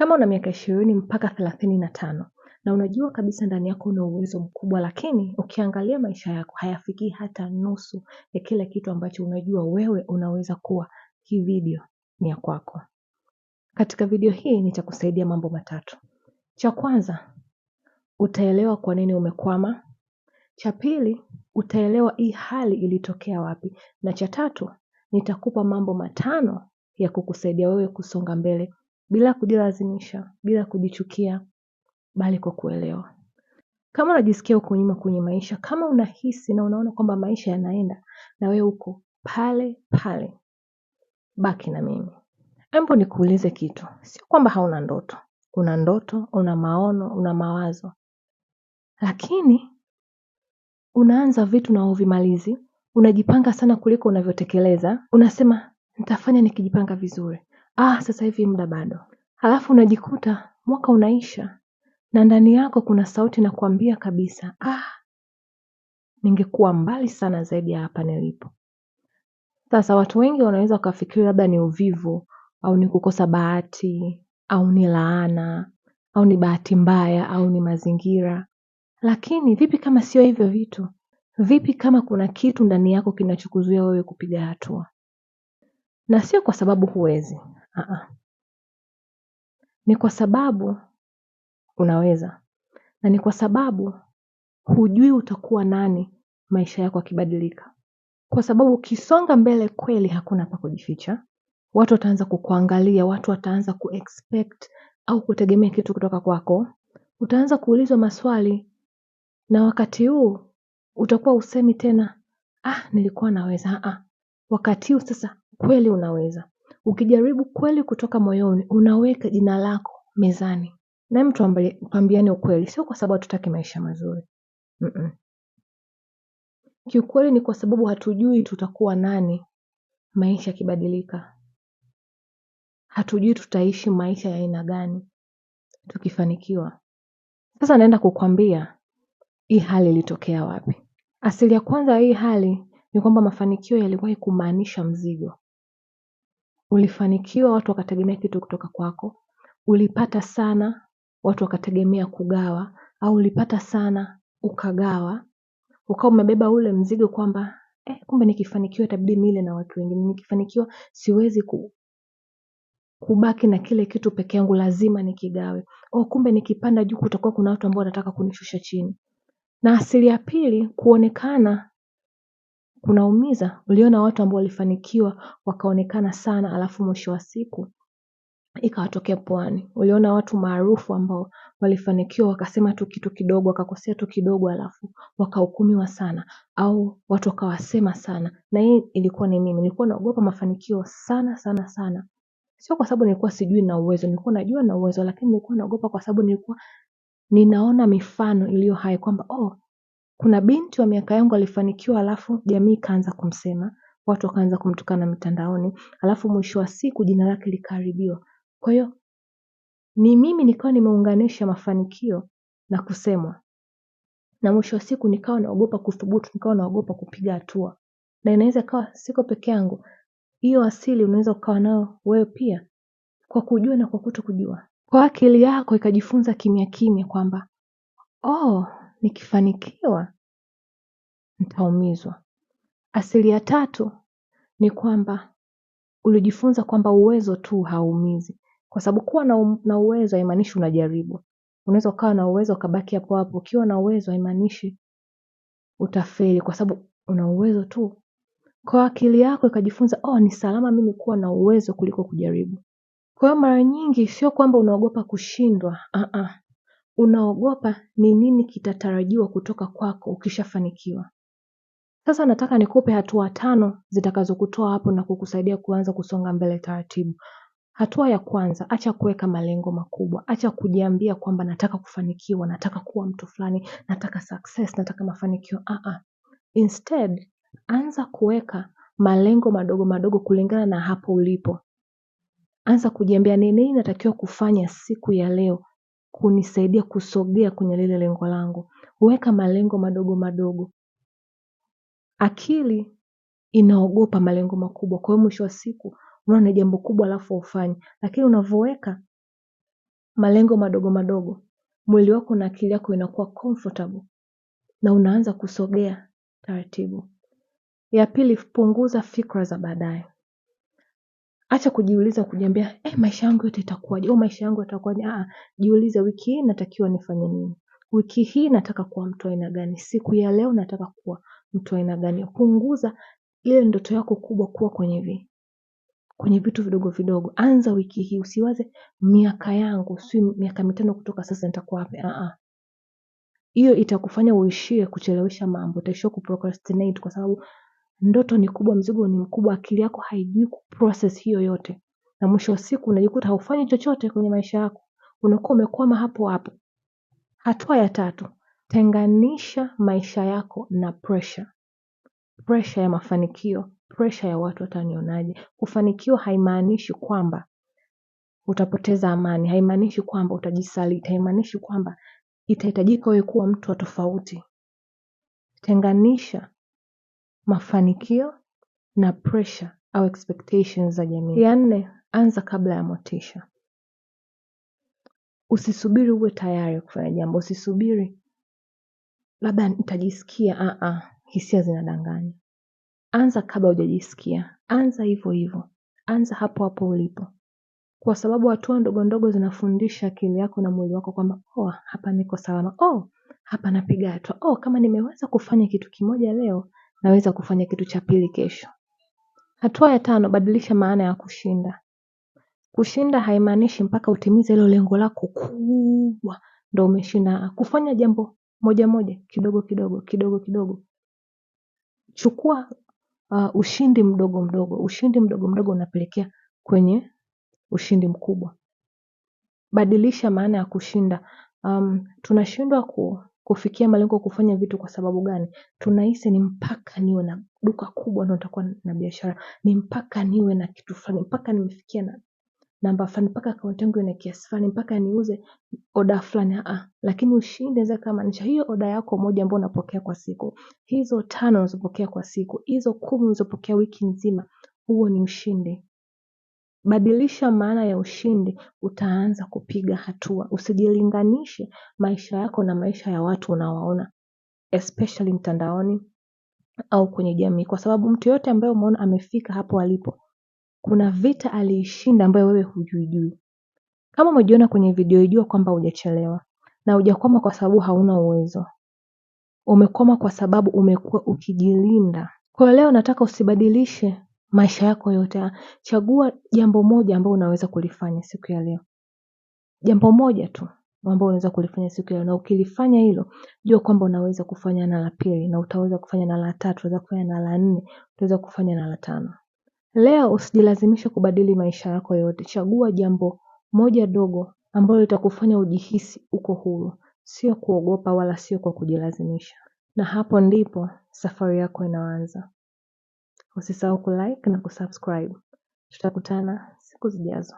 Kama una miaka ishirini mpaka thelathini na tano na unajua kabisa ndani yako una uwezo mkubwa, lakini ukiangalia maisha yako hayafikii hata nusu ya kile kitu ambacho unajua wewe unaweza kuwa. Hii video ni ya kwako. Katika video hii nitakusaidia mambo matatu. Cha kwanza, utaelewa kwa nini umekwama. Cha pili, utaelewa hii hali ilitokea wapi, na cha tatu, nitakupa mambo matano ya kukusaidia wewe kusonga mbele bila kujilazimisha, bila kujichukia, bali kwa kuelewa. Kama unajisikia uko nyuma kwenye maisha, kama unahisi na unaona kwamba maisha yanaenda na wewe uko pale pale, baki na mimi. Hebu nikuulize kitu, sio kwamba hauna ndoto. Una ndoto, una maono, una mawazo, lakini unaanza vitu na uvimalizi, unajipanga sana kuliko unavyotekeleza, unasema nitafanya nikijipanga vizuri ah, sasa hivi muda bado. Halafu unajikuta mwaka unaisha na ndani yako kuna sauti na kuambia kabisa ah, ningekuwa mbali sana zaidi ya hapa nilipo. Sasa watu wengi wanaweza wakafikiri labda ni uvivu au ni kukosa bahati au ni laana au ni bahati mbaya au ni mazingira, lakini vipi kama sio hivyo vitu? Vipi kama kuna kitu ndani yako kinachokuzuia wewe kupiga hatua? Na sio kwa sababu huwezi, ni kwa sababu unaweza na ni kwa sababu hujui utakuwa nani maisha yako akibadilika Kwa sababu ukisonga mbele kweli hakuna pa kujificha. Watu wataanza kukuangalia, watu wataanza kuexpect au kutegemea kitu kutoka kwako. Utaanza kuulizwa maswali na wakati huu utakuwa usemi tena, ah, nilikuwa naweza. Ah, ah. Wakati huu sasa kweli unaweza. Ukijaribu kweli kutoka moyoni, unaweka jina lako mezani. Na mtu pambiane ukweli, sio kwa sababu hatutaki maisha mazuri. Mm-mm. Kiukweli ni kwa sababu hatujui tutakuwa nani maisha yakibadilika. Hatujui tutaishi maisha ya aina gani tukifanikiwa. Sasa naenda kukwambia hii hali ilitokea wapi. Asili ya kwanza hii hali ni kwamba mafanikio yaliwahi kumaanisha mzigo ulifanikiwa watu wakategemea kitu kutoka kwako, ulipata sana watu wakategemea kugawa, au ulipata sana ukagawa, ukawa umebeba ule mzigo kwamba eh, kumbe nikifanikiwa itabidi nile na watu wengine, nikifanikiwa siwezi ku, kubaki na kile kitu peke yangu, lazima nikigawe. Oh, kumbe nikipanda juu kutakuwa kuna watu ambao wanataka kunishusha chini. Na asili ya pili kuonekana kunaumiza uliona watu ambao walifanikiwa wakaonekana sana alafu mwisho wa siku ikawatokea pwani uliona watu maarufu ambao walifanikiwa wakasema tu kitu kidogo wakakosea tu kidogo alafu wakahukumiwa sana au watu wakawasema sana na hii ilikuwa ni mimi nilikuwa naogopa mafanikio sana sana sana sio kwa sababu nilikuwa sijui na uwezo nilikuwa najua na uwezo lakini nilikuwa naogopa kwa sababu nilikuwa ninaona mifano iliyo hai kwamba oh kuna binti wa miaka yangu alifanikiwa alafu jamii ikaanza kumsema, watu wakaanza kumtukana mitandaoni, alafu mwisho wa siku jina lake likaharibiwa. Kwa hiyo ni mimi nikawa nimeunganisha mafanikio na kusemwa. Na mwisho wa siku nikawa naogopa kuthubutu, nikawa naogopa kupiga hatua. Na inaweza ikawa siko peke yangu. Hiyo asili unaweza ukawa nayo wewe pia kwa kujua na kwa kutokujua. Kwa akili yako ikajifunza kimya kimya kwamba, oh, nikifanikiwa nitaumizwa. Asili ya tatu ni kwamba ulijifunza kwamba uwezo tu hauumizi kwa sababu kuwa na um, na uwezo haimaanishi unajaribu. Unaweza ukawa na uwezo ukabaki hapo hapo. Ukiwa na uwezo haimaanishi utafeli kwa sababu una uwezo tu. Kwa akili yako ikajifunza, oh ni salama mimi kuwa na uwezo kuliko kujaribu. Kwa hiyo mara nyingi sio kwamba unaogopa kushindwa unaogopa ni nini kitatarajiwa kutoka kwako ukishafanikiwa. Sasa nataka nikupe hatua tano zitakazokutoa hapo na kukusaidia kuanza kusonga mbele taratibu. Hatua ya kwanza, acha kuweka malengo makubwa, acha kujiambia kwamba nataka kufanikiwa, nataka kuwa mtu fulani, nataka success, nataka mafanikio. Ah ah. Instead, anza kuweka malengo madogo madogo kulingana na hapo ulipo. Anza kujiambia ni nini natakiwa kufanya siku ya leo kunisaidia kusogea kwenye lile lengo langu. Weka malengo madogo madogo. Akili inaogopa malengo makubwa. Kwa hiyo mwisho wa siku, unaona ni jambo kubwa alafu ufanye, Lakini unavoweka malengo madogo madogo. Mwili wako na akili yako inakuwa comfortable na unaanza kusogea taratibu. Ya pili punguza fikra za baadaye acha kujiuliza kujiambia eh, maisha yangu yote itakuwaje au maisha yangu yatakuwaje. Ah, ah, jiulize wiki hii natakiwa nifanye nini? Wiki hii nataka kuwa mtu aina gani? Siku ya leo nataka kuwa mtu aina gani? Punguza ile ndoto yako kubwa kuwa kwenye vi kwenye vitu vidogo vidogo. Anza wiki hii, usiwaze miaka yangu, si miaka mitano kutoka sasa nitakuwa wapi? Ah, ah. hiyo itakufanya uishie kuchelewesha mambo, utaishia kuprocrastinate kwa sababu ndoto ni kubwa mzigo ni mkubwa akili yako haijui kuprocess hiyo yote na mwisho wa siku unajikuta haufanyi chochote kwenye maisha yako unakuwa umekwama hapo hapo hatua ya tatu tenganisha maisha yako na presha presha ya mafanikio presha ya watu watanionaje kufanikiwa haimaanishi kwamba utapoteza amani haimaanishi kwamba utajisaliti haimaanishi kwamba itahitajika wewe kuwa mtu wa tofauti tenganisha mafanikio na pressure au expectations za jamii. Ya nne, anza kabla ya motisha. Usisubiri uwe tayari kufanya jambo, usisubiri labda nitajisikia a a hisia zinadanganya. Anza kabla hujajisikia, anza hivyo hivyo, anza hapo hapo ulipo. Kwa sababu hatua ndogo ndogo zinafundisha akili yako na mwili wako kwamba oh, hapa niko salama, oh, hapa napiga hatua, oh, kama nimeweza kufanya kitu kimoja leo, naweza kufanya kitu cha pili kesho. Hatua ya tano, badilisha maana ya kushinda. Kushinda haimaanishi mpaka utimize hilo lengo lako kubwa ndo umeshinda. Kufanya jambo moja moja kidogo kidogo kidogo kidogo. Chukua uh, ushindi mdogo mdogo. Ushindi mdogo mdogo unapelekea kwenye ushindi mkubwa. Badilisha maana ya kushinda. Um, tunashindwa ku kufikia malengo kufanya vitu kwa sababu gani? Tunahisi ni mpaka niwe na duka kubwa na utakuwa na biashara, ni mpaka niwe na kitu fulani, mpaka nimefikia na namba fulani, mpaka akaunti yangu ina kiasi fulani, mpaka niuze oda fulani. Ah, ah. Lakini ushindi inaweza ikamaanisha hiyo oda yako moja ambayo unapokea kwa siku, hizo tano unazopokea kwa siku, hizo kumi unazopokea wiki nzima, huo ni ushindi badilisha maana ya ushindi utaanza kupiga hatua usijilinganishe maisha yako na maisha ya watu unawaona especially mtandaoni au kwenye jamii kwa sababu mtu yote ambaye umeona amefika hapo alipo kuna vita aliishinda ambayo wewe hujuijui kama umejiona kwenye video ijua kwamba hujachelewa na hujakwama kwa sababu hauna uwezo umekwama kwa sababu umekuwa ukijilinda kwa leo nataka usibadilishe maisha yako yote. Chagua jambo moja ambao unaweza kulifanya siku ya leo. Jambo moja tu ambao unaweza kulifanya siku ya leo na ukilifanya hilo jua kwamba unaweza kufanya na la pili na utaweza kufanya na la tatu, utaweza kufanya na la nne, utaweza kufanya na la tano. Leo usijilazimishe kubadili maisha yako yote. Chagua jambo moja dogo ambalo litakufanya ujihisi uko huru. Sio kuogopa wala sio kwa kujilazimisha. Na hapo ndipo safari yako inaanza. Usisahau kulike na kusubscribe. Tutakutana siku zijazo.